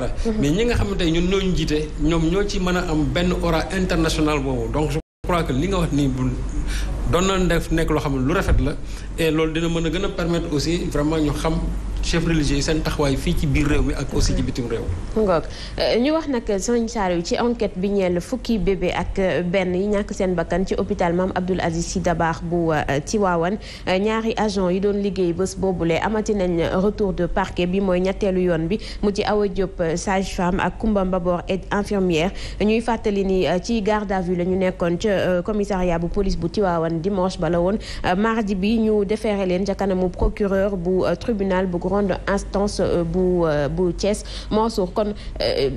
Mm-hmm. mais ñi nga xamante ne ñun ñooñu jiite ñoom ñoo ci mën a am benn aura international boobu donc je que li nga wax nii bu doon na def nekk loo xamul lu rafet la et loolu dina mën a gën a permettre aussi vraiment ñu xam. chef religieux sen seen fi ci biir réew mi ak aussi ci bitim réew ngoog euh, ñu wax nak sëñ Saaliw ci enquête bi ñëll fukki bébé ak ben yi ñak sen bakkan ci hôpital mam Abdoul Aziz ci Dabakh bu euh, tiwawan ñaari agent yi doon liggéey bés boobule amati nañ retour de parquet bi moy ñattelu yoon bi mu ci Awa Diop sage femme ak Kumba Mbabor et infirmière ñuy fàttali ni ci garde à vue la ñu nekkoon ca commissariat bu police bu tiwawan dimanche balawon mardi bi ñu defeere leen ca mu procureur bu tribunal bu grande instance euh, bu euh, bu Thiès Mansour kon euh,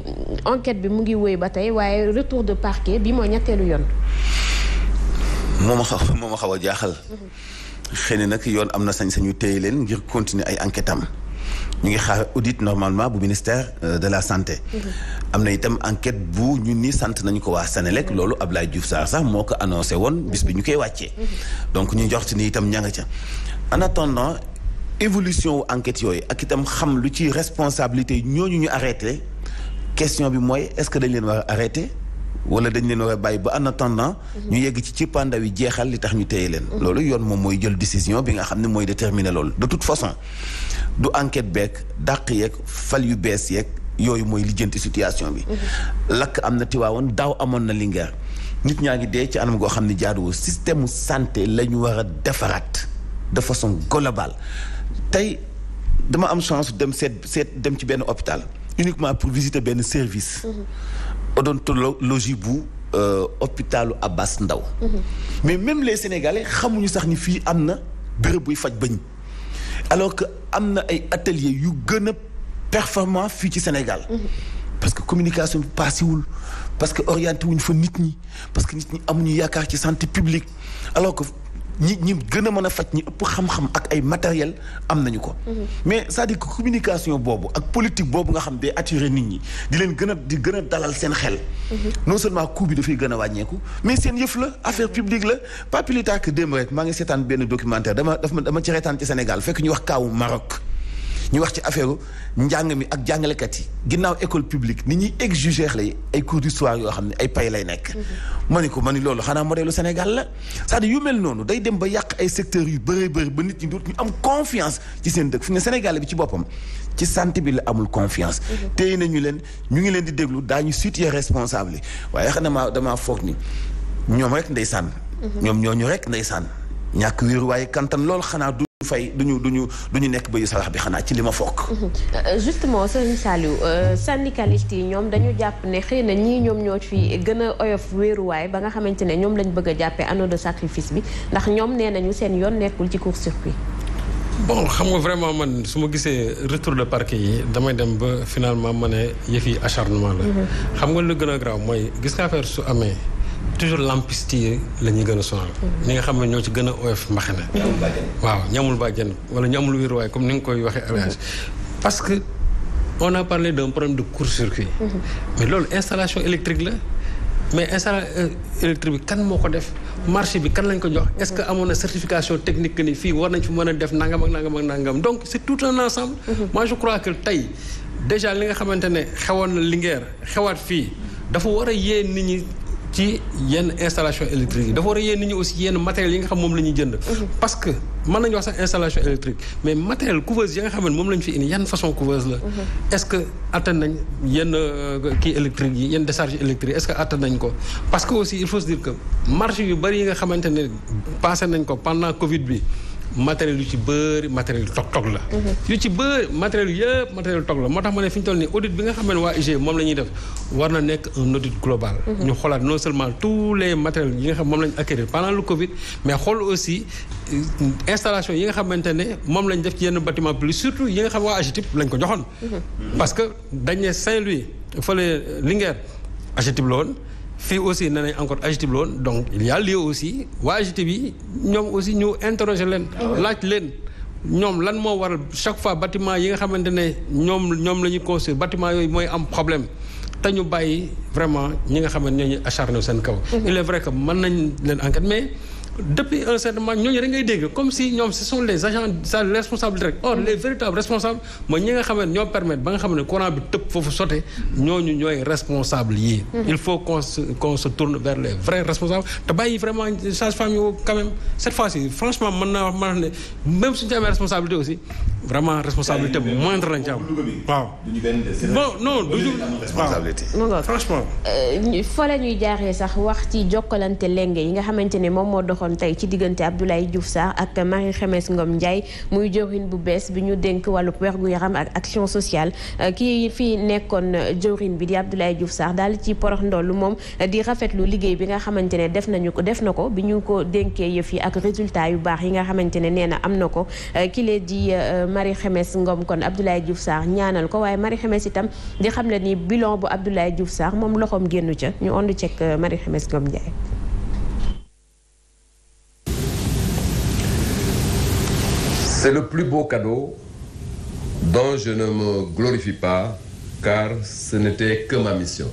enquête bi mu ngi wéy ba tey retour de parquet bi mo ñetteelu yoon. moma xaw moom xaw a jaaxal. xëy na yoon amna sañ-sañu téye ngir continuer ay enquête am ñu ngi xaar audit normalement bu ministère de la santé. Mm-hmm. amna itam enquête bu ñu ni sant nañ ko wa senelek lolu Abdoulaye Diouf sar sax moko annoncé won bis bi ñu koy wàccee. Mm-hmm. donc ñu njort ni itam ñanga nga ca en attendant évolution enquête yoy ak itam xam lu ci responsabilité ñooñu ñu arrêté question bi moy est-ce que dañ leen wara a arrêté wala dañ leen wara a ba en attendant. ñu yegg ci cëppaandaw yi jéxal li tax ñu téyé leen. loolu yoon mom moy jël décision bi nga xamné moy déterminer loolu de toute façon du enquête beeg dakk yek fal yu bees yeeg yooyu mooy lijjanti situation bi. lak amna na Tiwaawoon amon na linga nit ñaa dé ci anam go xam jaadu système santé lañu wara défarat de façon globale tay dama am chance dem set un dem ci ben hôpital uniquement pour visiter un service mhm. odontologie bu euh, hôpital Abbas Ndaw mhm. mais même les sénégalais xamuñu sax ni fi amna na buy faj alors que amna des ay atelier yu gëna performant ci Sénégal mhm. parce que communication si paasiwul parce que orienté wuñ fa nit ñi parce que nit ñi amuñu yaakaar ci santé publique alors que ñi ñi gën a mën a faj ñi ëpp xam-xam ak ay matériel am nañu ko. Mhm. mais c'est-à-dire communication boobu ak politique boobu nga xam day attirer nit ñi di leen gën a di gën a dalal seen xel. Mhm. non seulement coût bi dafay gën a wàññeeku mais seen yëf la affaire publique la pas plus tard maa ngi seetaan benn documentaire dama ma dama ci ci Sénégal fekk ñu wax kaawu Maroc. ñu wax ci affaire njàng mi ak kat yi ginnaw école publique ni ñi exiger lay ay cours d'histoire yoo xam ne ay pay lay nekk. Mhm. ma mani ko xana ni loolu Sénégal la cest dire yu mel nonu day dem ba yak ay secteur yu bëree bëri ba nit ñi ñu am confiance ci seen dëkk fi ne Sénégal bi ci bopam ci santé bi la amul confiance. Mhm. tey nañu len ñu ngi len di déglu daañu suite responsable waye xana xam damaa damaa ni ñom rek ndaysan mhm. ñom ñoñu rek ndeysaan ñàkk wéeruwaaye kantan loolu xanaa du fay duñu duñu duñu nekk ba yu salax bi xanaa ci li ma foog. Mhm. Euh, justement euh, yi ñoom dañu jàpp ne xëy na ñii ñoom ñoo fi gën a oyof wéeruwaay ba nga xamante ne ñoom lañ bëgg a jàppee anneau de sacrifice bi ndax ñoom nee nañu seen yoon nekkul ci court circuit. bon xam nga vraiment man su ma gisee retour de parquet yi damay dem ba finalement ma ne yëf yi acharnement la. Mhm. xam nga lu gën a grave mooy gis nga affaire su amee. toujours lampiste yi la ñuy a sonal. Mhm. ñi nga xam ne ñoo ci gëna a oyof waaw ñamul bàjjen wala ñamul way comme ni nga koy waxe alage mhm. parce que on a parlé d'un problème de court-circuit. Mhm. mais lool installation électrique la. mais installation euh, électrique kan moko def marché bi kan lañ ko jox est-ce que amoon certification technique ni fi war nañ fi mëna def nangam ak nangam ak nangam donc c'est tout un ensemble moi je crois que tay déjà li nga xamantene xewon na Linguère xewat fi dafa war a yee nit ñi a yenn installation électrique yi dafa war a aussi yenn matériels yi nga xam moom la ñuy jënd mhm. parce que il nañu wax une installation électrique mais matériel couveuse yi nga xam ne moom fi indi façon couveuse la mhm. est-ce que y a yenn euh, kii électrique yi yenn décharge électrique est-ce que atteint ko parce que aussi il faut se dire que marché yu bari yi nga xamante ne passé nañ ko pendant Covid bi matériel yu ci bëri matériel yu tog tog la mm-hmm. yu ci bëri matériel yu yëpp matériel tog la moo tax ma ne fi ñu toll nii audit bi nga xam ne waa IG moom la ñuy def war na nekk un audit global mm-hmm. ñu xoolaat non seulement tous les matériels yi nga xam moom la ñu acquérir pendant le Covid mais xool aussi euh, installation yi nga xamante ne moom lañ def ci yenn batiment public surtout yi nga xam waa AGETIP lañ ko joxoon mm-hmm. parce que dañ ne Saint-Louis fële Linguère AGETIP la woon fii aussi nee nañ encore AGETIP la woon donc il y a lieu aussi waa AGETIP yi ñoom aussi ñu interroger leen laaj leen ñoom lan moo waral chaque fois batiment yi nga xamante ne ñoom ñoom la ñuy construire bâtiment yooyu mooy am problème te ñu bàyyi vraiment ñi nga xamante ñoo ñu acharné seen kaw mhm. il est que mën nañ leen enquête mais depuis un certain moment ñooñu rek ngay dégg comme si nous ce sont les agents les responsables directs or les véritables responsables mooy ñi nga xam ne ñoo permettre ba nga xam ne courant bi tëb foofu sote ñooñu responsable yi mm-hmm. il faut qu'on se qu'on se tourne vers les vrais responsables te bàyyi vraiment sage famille quand même cette fois-ci franchement mën naa mën ne même suñu ci responsabilité aussi vraiment responsabilité bu moindre lañ ci am waaw bon non duñu responsabilité franchement euh, fa la ñuy jaaree sax wax ci jokkalante lenge yi nga xamante ne moom moo doxal doxoon tey ci diggante Abdoulaye Diouf Sarr ak Marie Khemesse ngoom Ndiaye muy jëwriñ bu bees bi ñu dénk wàllu wergu yaram ak action sociale euh, kii fii nekkoon euh, jëwriñ bi di Abdoulaye Diouf Sarr daal ci porox ndollu moom di rafetlu liggéey bi nga xamante ne def nañu ko def na ko bi ñu ko dénkee yëf yi ak résultat yu baax yi nga xamante ne nee na am na ko euh, kile di Marie Khemesse ngoom kon Abdoulaye Diouf Sarr ñaanal ko waaye Marie Khemesse itam di xam le ni bilan bu Abdoulaye Diouf Sarr moom loxoom génnu ca ñu ond ceeg Marie Khemesse Ngom C'est le plus beau cadeau dont je ne me glorifie pas car ce n'était que ma mission.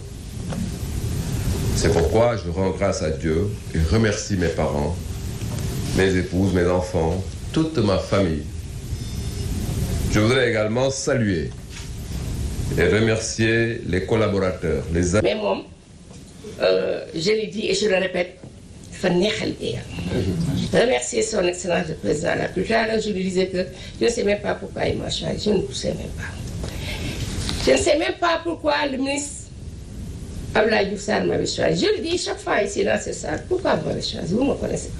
C'est pourquoi je rends grâce à Dieu et remercie mes parents, mes épouses, mes enfants, toute ma famille. Je voudrais également saluer et remercier les collaborateurs, les amis. Mais euh, je l'ai dit et je le répète, remercier son excellence le président de la plus je lui disais que je ne sais même pas pourquoi il m'a changé je ne sais même pas. je ne sais même pas pourquoi le ministre Abdoulaye Diouf m'avait choisi je le dis chaque fois ici dans ce salle pourquoi vous m'avez choisi vous ne me connaissez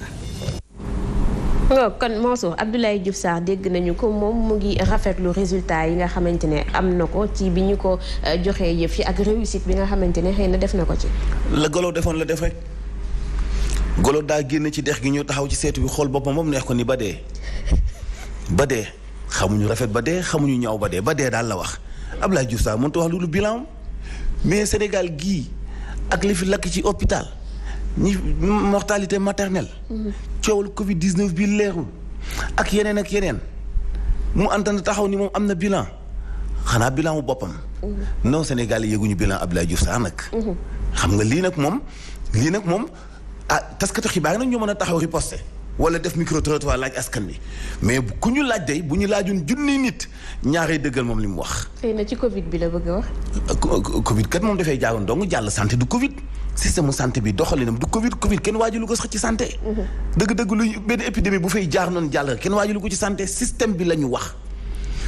pas. kon Mansour Abdoulaye Diouf Sarr dégg nañu ko moom mu ngi lou résultat yi nga xamante am na ko ci bi ko euh, joxee yëf yi ak réussite bi nga xamante ne na def na ci. golo defoon la golo da génn ci dex gi ñu taxaw ci setu bi xol bopam mom neex ko ni badé badé ba dee xamuñu rafet badé dee xamuñu ñaaw badé badé dal la wax Abdoulaye Diouf mën mënut wax loolu bilan mais Sénégal gi ak li fi lak ci hôpital ñi mortalité maternelle. ciowul Covid 19 bi leerul. ak yenen ak yenen mu antane taxaw ni mom amna bilan xana bilan wu boppam. non Sénégal yéeguñu bilan abla Diouf Sarr nag. xam nga li nak mom li nak mom ah taskatu xibaar nag ñoo mën a taxaw riposte wala def micro trottoir laaj askan bi mais ku ñu laaj day bu ñu laajoon junni nit ñaaree dëggal moom li mu wax. xëy na ci Covid bi la bëgg a wax. Covid kat moom dafay jaaroon dong jàll santé du Covid. système mu santé bi doxalinam du Covid Covid kenn waajalu ko sax ci santé. Mm-hmm. dëgg-dëgg luy benn épidémie bu fay jaar noonu jàll kenn waajalu ko ci santé système bi la ñu wax.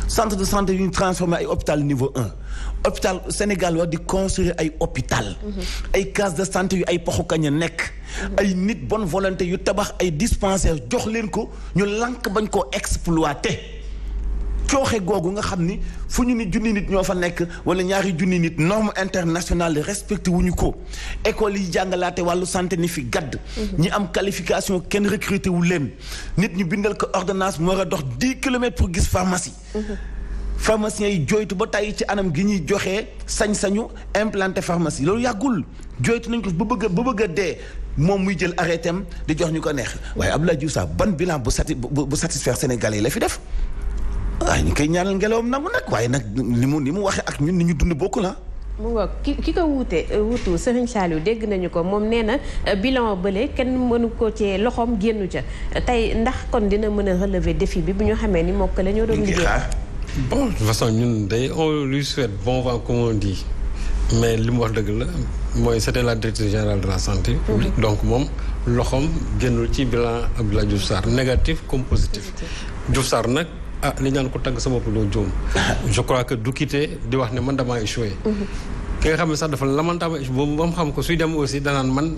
centre de santé yu ñu transformé hôpital Sénégal wa di construire ay hôpital mhm. ay case de santé yu ay poxu kañ nek mhm. ay nit bonne volonté yu tabax ay dispensaire jox leen ko ñu lank bañ koo exploité. cooxe googu nga xamni ni ni jooni nit ñoo fa nekk wala ñaari jooni nit norme internationale respecté wuñu ko école yi jangalaté walu santé ni fi gad mhm. ñi am qualification ken recruté wu leen nit ñu bindal ko ordonnance mo war dox 10 km pour gis pharmacie. pharmaciens yi jooytu ba tey ci anam gi ñuy joxe sañ-sañu implanté pharmacie loolu yàggul jooytu nañ ko ba bëgg a bëgg a dee moom muy jël arrêté am di jox ñu ko neex waaye ab la Diouf Sarr ban bilan bu sati bu satisfaire Sénégalais yi la fi def waaye ñu koy ñaanal ngelawam nangu nag waaye nag li mu li mu waxee ak ñun ni ñu dund bokk la ah. mu nga ki ki ko wuute wutu Serigne Saliou dégg nañu ko moom nee na euh, bilan bële kenn mënu ko cee loxoom génnu ca tey ndax kon dina mën a relever défi bi bu ñu xamee ni mook la ñoo doon bon de toute façon ñun day on oh, lui souhaite bon vent comme on dit mais li mu wax dëgg la mooy c'était la directrice générale de la santé publique donc moom loxoom génnul ci bilan Abdoulaye Diouf Sarr négatif comme positif Diouf Sarr nag ah li ñaan ko tagg sa bopp doo jóom je crois que du quitter, di wax ne man damaa échoué mhm. ki nga xam ne sax dafa lamantaama échoué boobu ba mu xam ko suy dem aussi danaan man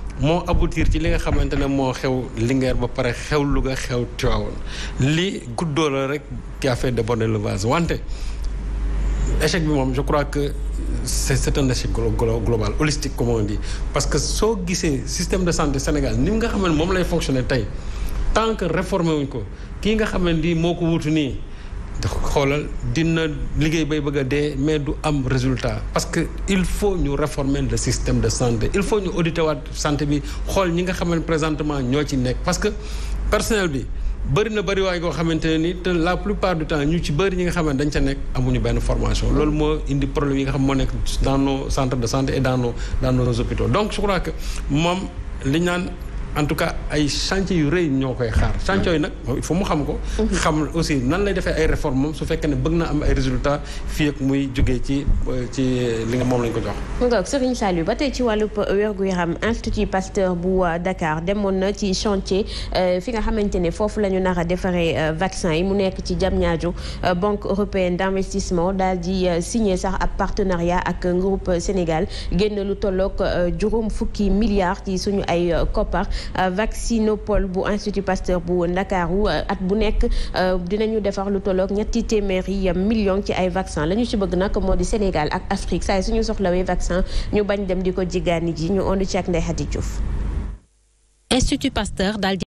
moo aboutir ci li nga xamante ne moo xew Linguère ba pare xew Louga xew Tivaouane li guddoo la rek qui a fait de bon élevage wante échec bi moom je crois que c' est, c' est un échec global holistique comme on parce que soo gisee système de santé Sénégal ni nga xam ne moom lay fonctionner tey tant que réformé wuñ ko kii nga xam ne moo ko wutu nii xoolal dina liggéey bay bëgg a dee mais du am résultat parce que il faut ñu réformer le système de santé il faut ñu auditer waat santé bi xool ñi nga xam ne présentement ñoo ci nekk parce que personnel bi bëri na bëri waay goo xamante ne ni te la plupart du temps ñu ci bëri ñi nga xam dañ ca nekk amuñu benn formation loolu moo indi problème yi nga xam moo nekk dans nos centres de santé et dans nos dans donc je crois que moom li ñu en tout cas ay chantier yu reuy ñoo koy xaar chantier nak nag il faut mu xam ko mhm. xam aussi nan lay defee ay réforme moom su fekk ne bëgn na am ay résultat fi ak muy jógee ci euh, ci li nga mom lañ ko jox ngok Serigne Saliou ba tey ci walu wergu gu yaram institut Pasteur bu euh, Dakar demone na ci chantier euh, fi nga xamante fofu lañu la ñu vaccin yi mu nekk ci Diamniadio banque européenne d'investissement dal di signer sax ab partenariat ak groupe Sénégal génn lu tolloog juróom fukki milliards ci suñu ay koppar euh, vaccinopole bu institut Pasteur bu Ndakaaru euh, at bu nek euh, dinañu defar lu tolok ñetti téméri million ci ay vaccin lañu ci bëgg nak moo Sénégal ak Afrique say suñu soxlawee vaccin ñu bañ dem diko jigani ji ñu ond ci ak hadidjouf Diouf Institut Pasteur dal